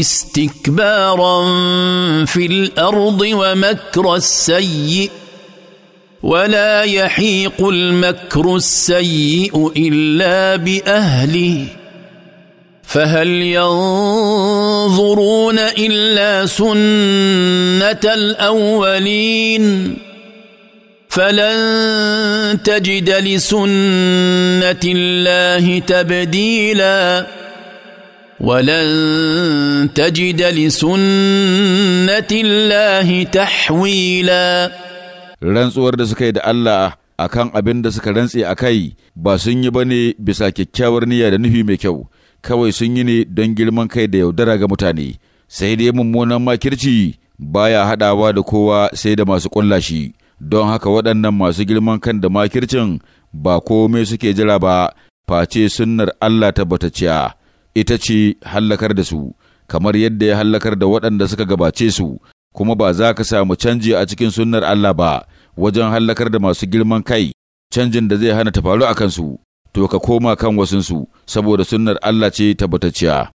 استكبارا في الارض ومكر السيء ولا يحيق المكر السيء الا باهله فهل ينظرون الا سنه الاولين فلن تجد لسنه الله تبديلاً ولن تجد لسنه الله تحويلا rantsuwar da suka yi da Allah akan abin da suka rantse a kai ba sun yi ba ne bisa kyakkyawar niyya da nufi mai kyau kawai sun yi ne don girman kai da yaudara ga mutane sai dai mummunan makirci baya haɗawa da kowa sai da masu ƙulla shi don haka waɗannan masu girman kan da makircin ba komai suke jira ba face sunnar Allah tabbatacciya ita ce hallakar da su, kamar yadda ya hallakar da waɗanda suka gabace su, kuma ba za ka samu canji a cikin sunnar Allah ba wajen hallakar da masu girman kai, canjin da zai hana ta faru a kansu, to ka koma kan wasunsu, saboda sunnar Allah ce tabbatacciya.